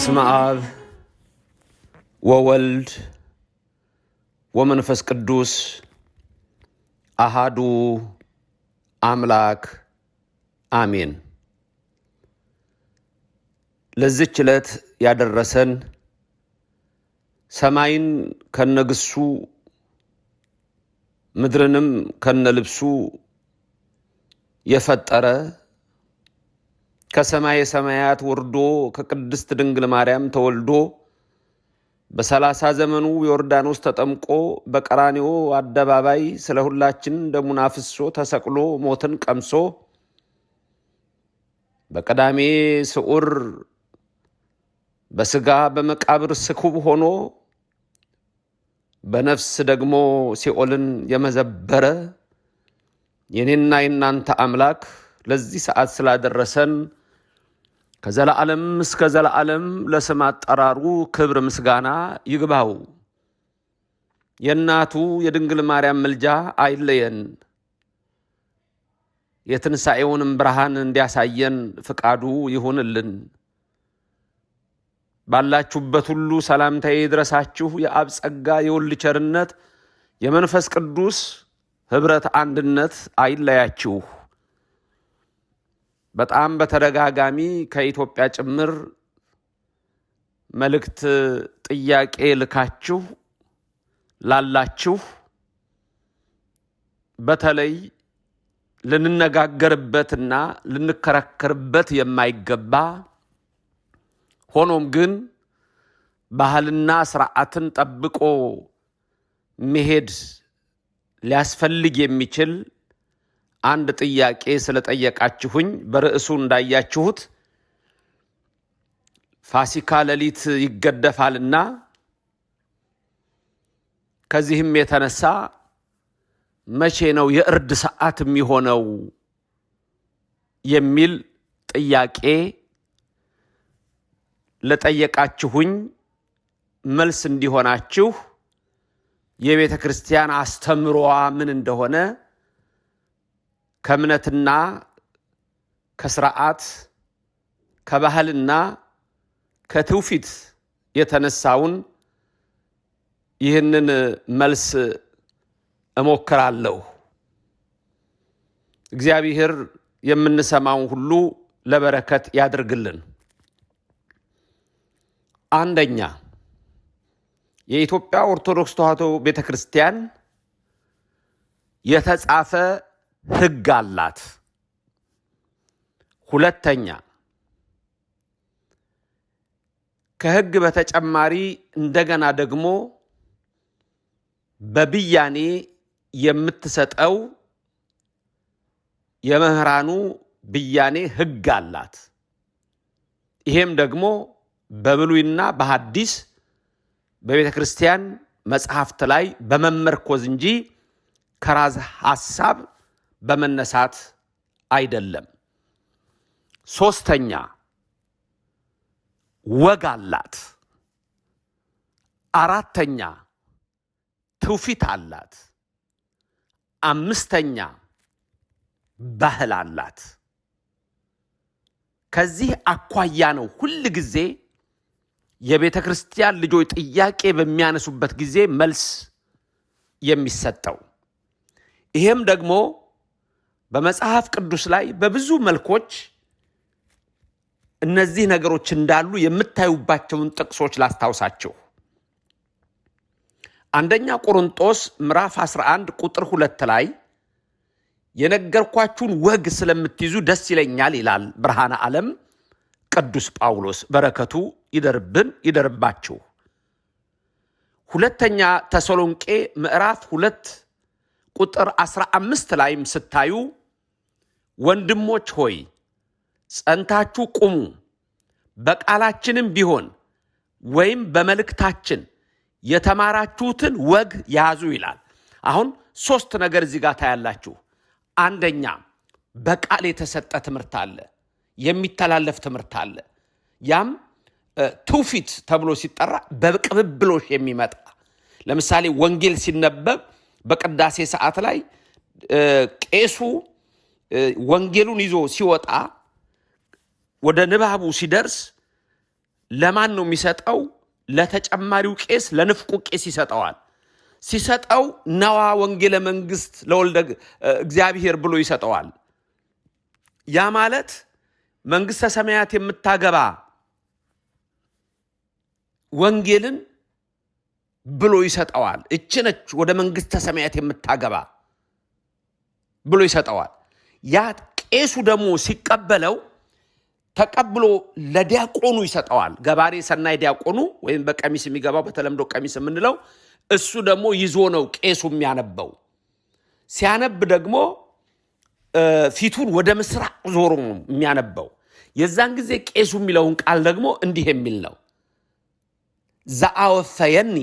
በስመ አብ ወወልድ ወመንፈስ ቅዱስ አሃዱ አምላክ አሜን። ለዚች ዕለት ያደረሰን ሰማይን ከነግሱ ምድርንም ከነልብሱ የፈጠረ ከሰማይ ሰማያት ወርዶ ከቅድስት ድንግል ማርያም ተወልዶ በሰላሳ ዘመኑ ዮርዳኖስ ተጠምቆ በቀራኒዮ አደባባይ ስለ ሁላችን ደሙን አፍሶ ተሰቅሎ ሞትን ቀምሶ በቀዳሜ ስዑር በስጋ በመቃብር ስኩብ ሆኖ በነፍስ ደግሞ ሲኦልን የመዘበረ የኔና የናንተ አምላክ ለዚህ ሰዓት ስላደረሰን ከዘላዓለም እስከ ዘላዓለም ለስም አጠራሩ ክብር ምስጋና ይግባው። የእናቱ የድንግል ማርያም ምልጃ አይለየን። የትንሣኤውንም ብርሃን እንዲያሳየን ፍቃዱ ይሁንልን። ባላችሁበት ሁሉ ሰላምታዬ ይድረሳችሁ። የአብ ጸጋ፣ የወልድ ቸርነት፣ የመንፈስ ቅዱስ ኅብረት አንድነት አይለያችሁ። በጣም በተደጋጋሚ ከኢትዮጵያ ጭምር መልእክት ጥያቄ ልካችሁ ላላችሁ በተለይ ልንነጋገርበትና ልንከረከርበት የማይገባ ሆኖም ግን ባህልና ስርዓትን ጠብቆ መሄድ ሊያስፈልግ የሚችል አንድ ጥያቄ ስለጠየቃችሁኝ በርዕሱ እንዳያችሁት ፋሲካ ሌሊት ይገደፋልና ከዚህም የተነሳ መቼ ነው የእርድ ሰዓት የሚሆነው የሚል ጥያቄ ለጠየቃችሁኝ መልስ እንዲሆናችሁ የቤተ ክርስቲያን አስተምሮዋ ምን እንደሆነ ከእምነትና ከስርዓት ከባህልና ከትውፊት የተነሳውን ይህንን መልስ እሞክራለሁ። እግዚአብሔር የምንሰማውን ሁሉ ለበረከት ያድርግልን። አንደኛ የኢትዮጵያ ኦርቶዶክስ ተዋሕዶ ቤተ ክርስቲያን የተጻፈ ሕግ አላት። ሁለተኛ ከሕግ በተጨማሪ እንደገና ደግሞ በብያኔ የምትሰጠው የመምህራኑ ብያኔ ሕግ አላት። ይሄም ደግሞ በብሉይና በሐዲስ በቤተ ክርስቲያን መጽሐፍት ላይ በመመርኮዝ እንጂ ከራስ ሐሳብ በመነሳት አይደለም። ሶስተኛ ወግ አላት። አራተኛ ትውፊት አላት። አምስተኛ ባህል አላት። ከዚህ አኳያ ነው ሁል ጊዜ የቤተ ክርስቲያን ልጆች ጥያቄ በሚያነሱበት ጊዜ መልስ የሚሰጠው። ይሄም ደግሞ በመጽሐፍ ቅዱስ ላይ በብዙ መልኮች እነዚህ ነገሮች እንዳሉ የምታዩባቸውን ጥቅሶች ላስታውሳችሁ። አንደኛ ቆሮንጦስ ምዕራፍ 11 ቁጥር ሁለት ላይ የነገርኳችሁን ወግ ስለምትይዙ ደስ ይለኛል ይላል ብርሃነ ዓለም ቅዱስ ጳውሎስ። በረከቱ ይደርብን ይደርባችሁ። ሁለተኛ ተሰሎንቄ ምዕራፍ ሁለት ቁጥር 15 ላይም ስታዩ ወንድሞች ሆይ ጸንታችሁ ቁሙ። በቃላችንም ቢሆን ወይም በመልእክታችን የተማራችሁትን ወግ ያዙ ይላል። አሁን ሶስት ነገር እዚህ ጋር ታያላችሁ። አንደኛ በቃል የተሰጠ ትምህርት አለ፣ የሚተላለፍ ትምህርት አለ። ያም ትውፊት ተብሎ ሲጠራ በቅብብሎሽ የሚመጣ ለምሳሌ ወንጌል ሲነበብ በቅዳሴ ሰዓት ላይ ቄሱ ወንጌሉን ይዞ ሲወጣ ወደ ንባቡ ሲደርስ ለማን ነው የሚሰጠው? ለተጨማሪው ቄስ፣ ለንፍቁ ቄስ ይሰጠዋል። ሲሰጠው ነዋ ወንጌለ መንግስት ለወልደ እግዚአብሔር ብሎ ይሰጠዋል። ያ ማለት መንግስተ ሰማያት የምታገባ ወንጌልን ብሎ ይሰጠዋል። እችነች ወደ መንግስተ ሰማያት የምታገባ ብሎ ይሰጠዋል። ያ ቄሱ ደግሞ ሲቀበለው ተቀብሎ ለዲያቆኑ ይሰጠዋል። ገባሬ ሰናይ ዲያቆኑ ወይም በቀሚስ የሚገባው በተለምዶ ቀሚስ የምንለው እሱ ደግሞ ይዞ ነው ቄሱ የሚያነበው። ሲያነብ ደግሞ ፊቱን ወደ ምስራቅ ዞሮ ነው የሚያነበው። የዛን ጊዜ ቄሱ የሚለውን ቃል ደግሞ እንዲህ የሚል ነው ዘአወፈየኒ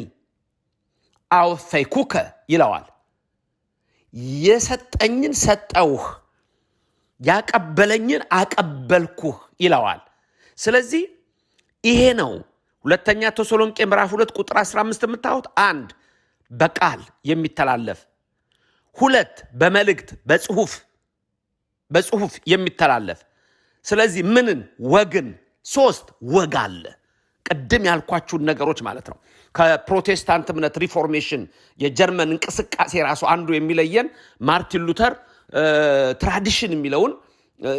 አወፈይኩከ ይለዋል። የሰጠኝን ሰጠውህ ያቀበለኝን አቀበልኩህ ይለዋል። ስለዚህ ይሄ ነው ሁለተኛ ተሰሎንቄ ምዕራፍ ሁለት ቁጥር 15 የምታዩት አንድ በቃል የሚተላለፍ ሁለት በመልእክት በጽሁፍ በጽሁፍ የሚተላለፍ ስለዚህ ምንን ወግን ሶስት ወግ አለ ቅድም ያልኳችሁን ነገሮች ማለት ነው ከፕሮቴስታንት እምነት ሪፎርሜሽን የጀርመን እንቅስቃሴ ራሱ አንዱ የሚለየን ማርቲን ሉተር ትራዲሽን የሚለውን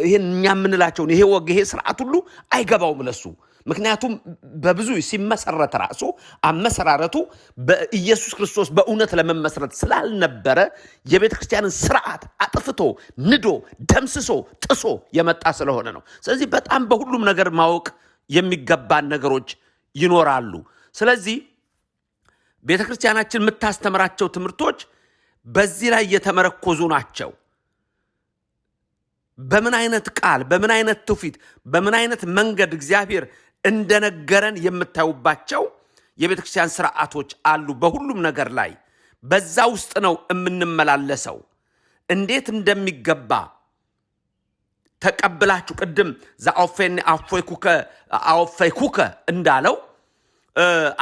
ይሄን እኛ የምንላቸውን ይሄ ወግ ይሄ ስርዓት ሁሉ አይገባውም ለሱ። ምክንያቱም በብዙ ሲመሰረት ራሱ አመሰራረቱ በኢየሱስ ክርስቶስ በእውነት ለመመስረት ስላልነበረ የቤተ ክርስቲያንን ስርዓት አጥፍቶ ንዶ ደምስሶ ጥሶ የመጣ ስለሆነ ነው። ስለዚህ በጣም በሁሉም ነገር ማወቅ የሚገባን ነገሮች ይኖራሉ። ስለዚህ ቤተ ክርስቲያናችን የምታስተምራቸው ትምህርቶች በዚህ ላይ የተመረኮዙ ናቸው። በምን አይነት ቃል፣ በምን አይነት ትውፊት፣ በምን አይነት መንገድ እግዚአብሔር እንደነገረን የምታዩባቸው የቤተ ክርስቲያን ስርዓቶች አሉ። በሁሉም ነገር ላይ በዛ ውስጥ ነው የምንመላለሰው። እንዴት እንደሚገባ ተቀብላችሁ ቅድም ዘአፌን ኩከ እንዳለው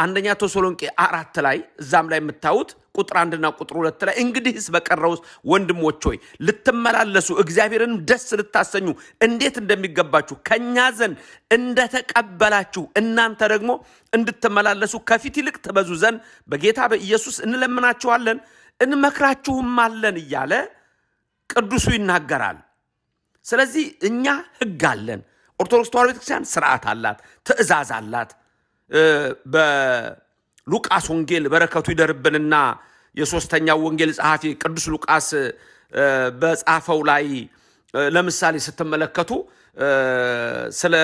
አንደኛ ተሰሎንቄ አራት ላይ እዛም ላይ የምታዩት ቁጥር አንድና ቁጥር ሁለት ላይ እንግዲህስ በቀረውስ ወንድሞች ሆይ ልትመላለሱ እግዚአብሔርንም ደስ ልታሰኙ እንዴት እንደሚገባችሁ ከእኛ ዘንድ እንደተቀበላችሁ እናንተ ደግሞ እንድትመላለሱ ከፊት ይልቅ ትበዙ ዘንድ በጌታ በኢየሱስ እንለምናችኋለን አለን እያለ ቅዱሱ ይናገራል። ስለዚህ እኛ ህግ አለን። ኦርቶዶክስ ተዋሕዶ ቤተክርስቲያን ስርዓት አላት፣ ትእዛዝ አላት። በሉቃስ ወንጌል በረከቱ ይደርብንና የሶስተኛው ወንጌል ጸሐፊ ቅዱስ ሉቃስ በጻፈው ላይ ለምሳሌ ስትመለከቱ ስለ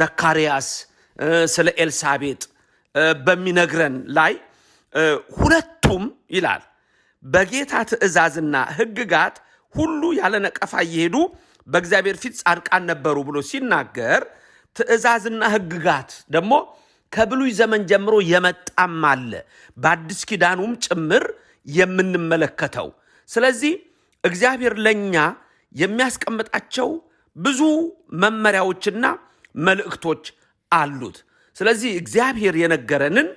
ዘካርያስ ስለ ኤልሳቤጥ በሚነግረን ላይ ሁለቱም ይላል በጌታ ትእዛዝና ሕግጋት ሁሉ ያለ ነቀፋ እየሄዱ በእግዚአብሔር ፊት ጻድቃን ነበሩ ብሎ ሲናገር ትእዛዝና ህግጋት ደግሞ ከብሉይ ዘመን ጀምሮ የመጣም አለ በአዲስ ኪዳኑም ጭምር የምንመለከተው። ስለዚህ እግዚአብሔር ለእኛ የሚያስቀምጣቸው ብዙ መመሪያዎችና መልእክቶች አሉት። ስለዚህ እግዚአብሔር የነገረንን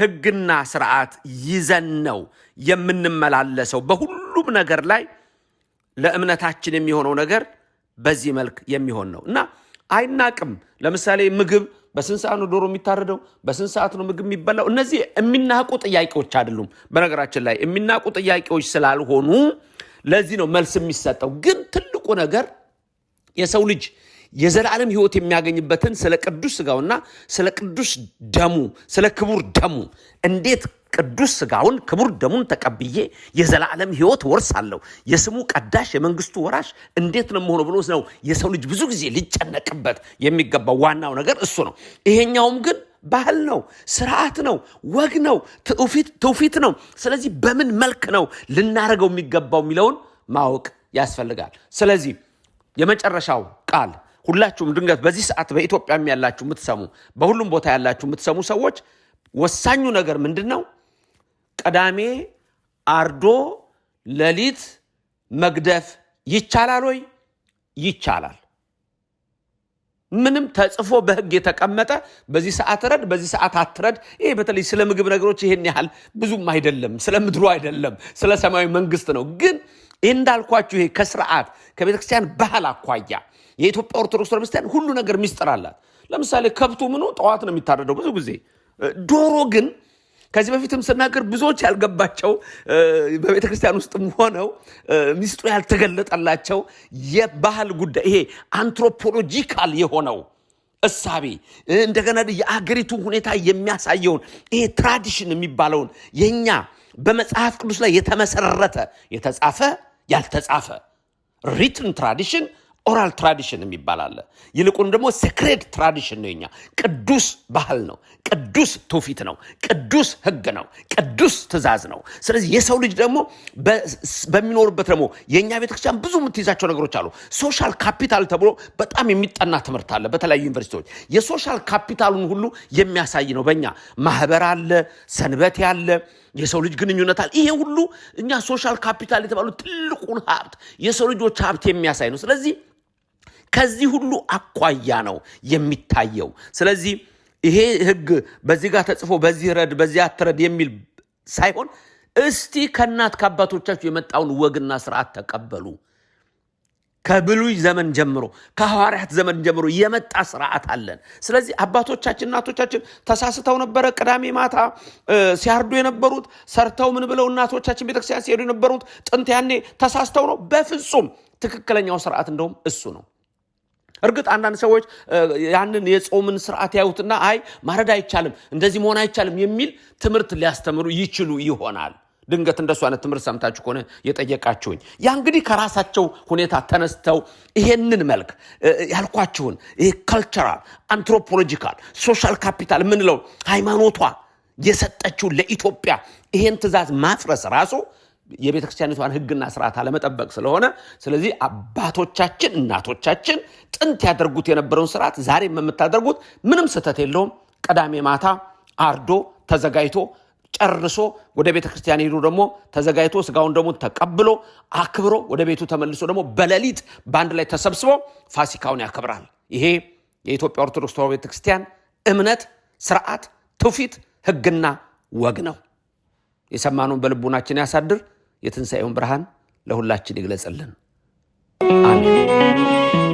ህግና ስርዓት ይዘን ነው የምንመላለሰው። በሁሉም ነገር ላይ ለእምነታችን የሚሆነው ነገር በዚህ መልክ የሚሆን ነው እና አይናቅም። ለምሳሌ ምግብ በስንት ሰዓት ነው ዶሮ የሚታረደው? በስንት ሰዓት ነው ምግብ የሚበላው? እነዚህ የሚናቁ ጥያቄዎች አይደሉም። በነገራችን ላይ የሚናቁ ጥያቄዎች ስላልሆኑ ለዚህ ነው መልስ የሚሰጠው። ግን ትልቁ ነገር የሰው ልጅ የዘላለም ህይወት የሚያገኝበትን ስለ ቅዱስ ስጋውና ስለ ቅዱስ ደሙ ስለ ክቡር ደሙ እንዴት ቅዱስ ስጋውን ክቡር ደሙን ተቀብዬ የዘላለም ህይወት ወርስ አለው የስሙ ቀዳሽ፣ የመንግስቱ ወራሽ እንዴት ነው መሆኑ ብሎ ነው የሰው ልጅ ብዙ ጊዜ ሊጨነቅበት የሚገባው ዋናው ነገር እሱ ነው። ይሄኛውም ግን ባህል ነው፣ ስርዓት ነው፣ ወግ ነው፣ ትውፊት ነው። ስለዚህ በምን መልክ ነው ልናደርገው የሚገባው የሚለውን ማወቅ ያስፈልጋል። ስለዚህ የመጨረሻው ቃል ሁላችሁም ድንገት በዚህ ሰዓት በኢትዮጵያም ያላችሁ የምትሰሙ፣ በሁሉም ቦታ ያላችሁ የምትሰሙ ሰዎች ወሳኙ ነገር ምንድን ነው? ቅዳሜ አርዶ ሌሊት መግደፍ ይቻላል ወይ? ይቻላል። ምንም ተጽፎ በሕግ የተቀመጠ በዚህ ሰዓት ረድ፣ በዚህ ሰዓት አትረድ። ይሄ በተለይ ስለ ምግብ ነገሮች ይሄን ያህል ብዙም አይደለም፣ ስለ ምድሩ አይደለም፣ ስለ ሰማያዊ መንግስት ነው ግን ይህ እንዳልኳችሁ ይሄ ከስርዓት ከቤተክርስቲያን ባህል አኳያ የኢትዮጵያ ኦርቶዶክስ ቤተክርስቲያን ሁሉ ነገር ሚስጥር አላት። ለምሳሌ ከብቱ ምኑ ጠዋት ነው የሚታረደው ብዙ ጊዜ። ዶሮ ግን ከዚህ በፊትም ስናገር ብዙዎች ያልገባቸው በቤተክርስቲያን ውስጥም ሆነው ሚስጥሩ ያልተገለጠላቸው የባህል ጉዳይ ይሄ አንትሮፖሎጂካል የሆነው እሳቤ እንደገና የአገሪቱ ሁኔታ የሚያሳየውን ይሄ ትራዲሽን የሚባለውን የኛ በመጽሐፍ ቅዱስ ላይ የተመሰረተ የተጻፈ ያልተጻፈ ሪትን ትራዲሽን ኦራል ትራዲሽን የሚባል አለ። ይልቁንም ደግሞ ሴክሬድ ትራዲሽን ነው። የኛ ቅዱስ ባህል ነው፣ ቅዱስ ትውፊት ነው፣ ቅዱስ ህግ ነው፣ ቅዱስ ትእዛዝ ነው። ስለዚህ የሰው ልጅ ደግሞ በሚኖርበት ደግሞ የእኛ ቤተክርስቲያን ብዙ የምትይዛቸው ነገሮች አሉ። ሶሻል ካፒታል ተብሎ በጣም የሚጠና ትምህርት አለ በተለያዩ ዩኒቨርሲቲዎች። የሶሻል ካፒታሉን ሁሉ የሚያሳይ ነው። በእኛ ማህበር አለ፣ ሰንበቴ አለ የሰው ልጅ ግንኙነት አለ። ይሄ ሁሉ እኛ ሶሻል ካፒታል የተባሉ ትልቁን ሀብት የሰው ልጆች ሀብት የሚያሳይ ነው። ስለዚህ ከዚህ ሁሉ አኳያ ነው የሚታየው። ስለዚህ ይሄ ህግ በዚህ ጋር ተጽፎ በዚህ ረድ በዚህ አትረድ የሚል ሳይሆን እስቲ ከእናት ከአባቶቻችሁ የመጣውን ወግና ስርዓት ተቀበሉ። ከብሉይ ዘመን ጀምሮ ከሐዋርያት ዘመን ጀምሮ የመጣ ስርዓት አለን። ስለዚህ አባቶቻችን እናቶቻችን ተሳስተው ነበረ። ቅዳሜ ማታ ሲያርዱ የነበሩት ሰርተው ምን ብለው እናቶቻችን ቤተክርስቲያን ሲሄዱ የነበሩት ጥንት ያኔ ተሳስተው ነው? በፍጹም ትክክለኛው ስርዓት እንደውም እሱ ነው። እርግጥ አንዳንድ ሰዎች ያንን የጾምን ስርዓት ያዩትና አይ ማረድ አይቻልም፣ እንደዚህ መሆን አይቻልም የሚል ትምህርት ሊያስተምሩ ይችሉ ይሆናል። ድንገት እንደሱ አይነት ትምህርት ሰምታችሁ ከሆነ የጠየቃችሁኝ፣ ያ እንግዲህ ከራሳቸው ሁኔታ ተነስተው ይሄንን መልክ ያልኳችሁን ይሄ ካልቸራል፣ አንትሮፖሎጂካል፣ ሶሻል ካፒታል የምንለው ሃይማኖቷ የሰጠችው ለኢትዮጵያ ይሄን ትእዛዝ ማፍረስ ራሱ የቤተ ክርስቲያኒቷን ሕግና ስርዓት አለመጠበቅ ስለሆነ፣ ስለዚህ አባቶቻችን እናቶቻችን ጥንት ያደርጉት የነበረውን ስርዓት ዛሬም የምታደርጉት ምንም ስህተት የለውም። ቅዳሜ ማታ አርዶ ተዘጋጅቶ ጨርሶ ወደ ቤተ ክርስቲያን ሄዶ ደግሞ ተዘጋጅቶ ስጋውን ደግሞ ተቀብሎ አክብሮ ወደ ቤቱ ተመልሶ ደግሞ በሌሊት በአንድ ላይ ተሰብስቦ ፋሲካውን ያከብራል። ይሄ የኢትዮጵያ ኦርቶዶክስ ተዋ ቤተ ክርስቲያን እምነት፣ ስርዓት፣ ትውፊት፣ ህግና ወግ ነው። የሰማነውን በልቡናችን ያሳድር። የትንሣኤውን ብርሃን ለሁላችን ይግለጽልን። አሜን።